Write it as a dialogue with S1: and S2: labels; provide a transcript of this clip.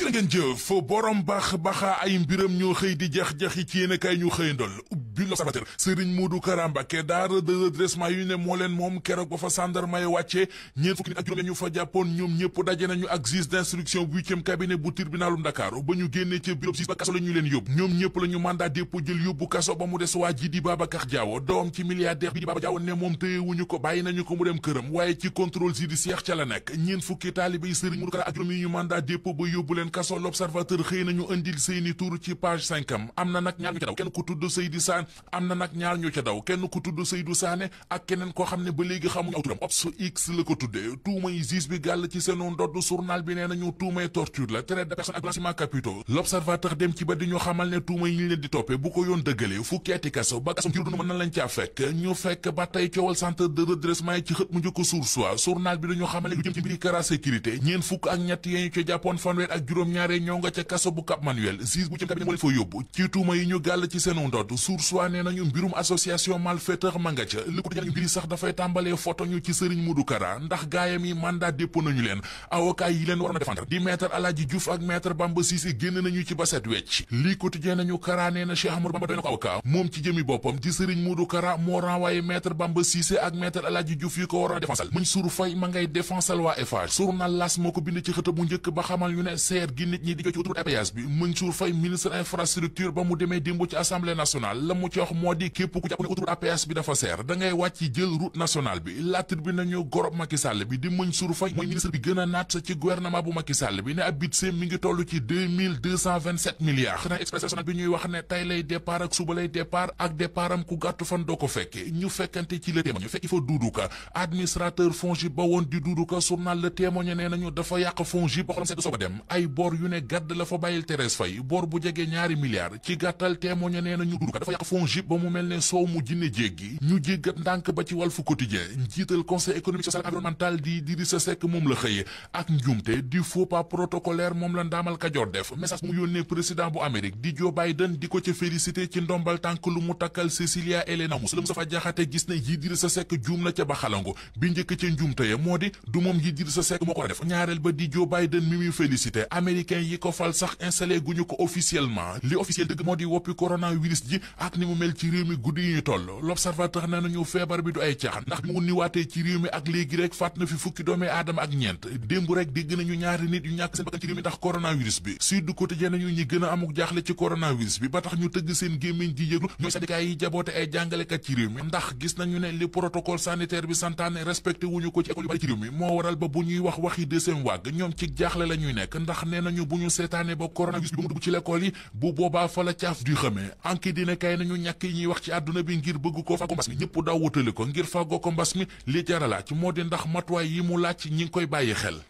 S1: jërë ngeen jëf borom baax baaxa ay mbiram ñoo xëy di jax yi ci yéen a kaay ñu xëyandol bi l'observateur Serigne Modou Kara Mbacké daara de redressement yu ne moom keroog ba fa sandarmay wàccee ñeent fukki nit ak juróom ñu fa jàppoon ñoom ñëpp daje nañu ak juróom yi ñu mandat dépôt ba yóbbu leen kaso l'observateur xëy nañu indil seeni tur ci page am am na nag ñaar ñu ca daw kenn ku tudd Seydi Sane am na nag ñaar ñu ca daw kenn ku tudd Seydou Sané ak keneen koo xam ne ba léegi xamuñu aw turam ko tuddee ci seenu ndodd journal bi nee nañu tuumay torture la traite de personne ak blanchiment capitaux l'observateur dem ci ba di ñu xamal ne tuuma yi ñu leen di toppee bu ko yoon dëggalee fukki ati kaso ba kaso ci mën na lañ caa fekk ñu fekk ba tey coowal centre de redressement yi ci xët mu njëkk source wa journal bi dañu xamal ne lu jëm ci mbiri Kara sécurité ñeen fukk ak ñett yee ñu ca jàppoon fanweer ak juróom-ñaare ñoo nga ca kaso bu Cap Manuel juge bu ci cabinet moo leen waa nee nañu mbirum association malfaiteur manga ca li ko mbiri sax dafay tàmbalee photo ñu ci Serigne Modou Kara ndax gaayam yi mandat dépôt nañu leen avocat yi leen waroon a défendre di maître Aladji Diouf ak maître Bamba Cissé génn nañu ci baset wecc lii quotidien nañu Kara nee na Cheikh Amadou Bamba doy na ko avocat moom ci jëmi boppam di Serigne Modou Kara moo renvoyé maître Bamba Cissé ak maître Aladji Diouf yi ko waroon a défensal Mansour Faye ma mu ci wax moo di képp ku jàpp ne autoroute APS bi dafa seer da wàcc jël route nationale bi latir bi nañu gorob Macky Sall bi di Mansour Faye mooy ministre bi gën a naat ci gouvernement bu Macky Sall bi ne ab budget mi ngi toll ci milliards na express national bi ñuy wax ne tey lay départ ak suba lay départ ak départ ku gàttu fan doo ko fekke ñu fekkante ci le témoin fekki fa duuduka administrateur FONGIP ba woon di duuduka journal le la fa FONGIP ba mu mel ne soow mu jinne gi ñu jéggat ndànk ba ci Walf Quotidien njiital conseil économique social environnemental di Idrissa Seck moom la xëye ak njuumte di faux pas protocolaire moom la ndaamal Kajoor def message mu yónnee président bu Amérique di Joe Biden di ko ca félicité ci ndombal tànk lu mu takkal Cecilia Elena Moos sa Moustapha Diakhaté gis ne yi Idrissa Seck juum na ca ba xalango bi njëkk ca njuumte ya moo di du moom yi Idrissa Seck moo ko def ñaareel ba di Joe Biden mi muy félicité américain yi ko fal sax installé guñu ko officiellement li officiel dëgg moo woppi coronavirus ji ak ni mu mel ci réew mi guddi yi ñu toll l'observateur nee nañu feebar bi du ay caaxaan ndax mu ni waatee ci réew mi ak léegi rek faat na fi fukki doomi aadama ak ñeent démb rek dégg nañu ñaari nit yu ñàkk seen bakkan ci réew mi ndax coronavirus bi nañu ñi gën amuk jaaxle ci coronavirus bi ba tax ñu tëgg seen gémmiñ di yëglu ñooy syndicat yi jaboote ay jàngalekat ci réew mi ndax gis nañu ne li protocole sanitaire bi santaane respecté wuñu ko ci école yu bari ba bu ñuy wax waxi deuxième vague ñoom ci jaaxle la ñuy nekk ndax nee nañu bu ñu seetaane ba coronavirus bi mu dugg ci l'école yi ñu ñàkk yi ñuy wax ci àdduna bi ngir bëgg ko fàggu mbas mi ñëpp daw wutali ko ngir fàggoo ko mbas mi li jaralaaj moo di ndax matuwaay yi mu laaj ñi ngi koy bàyyi xel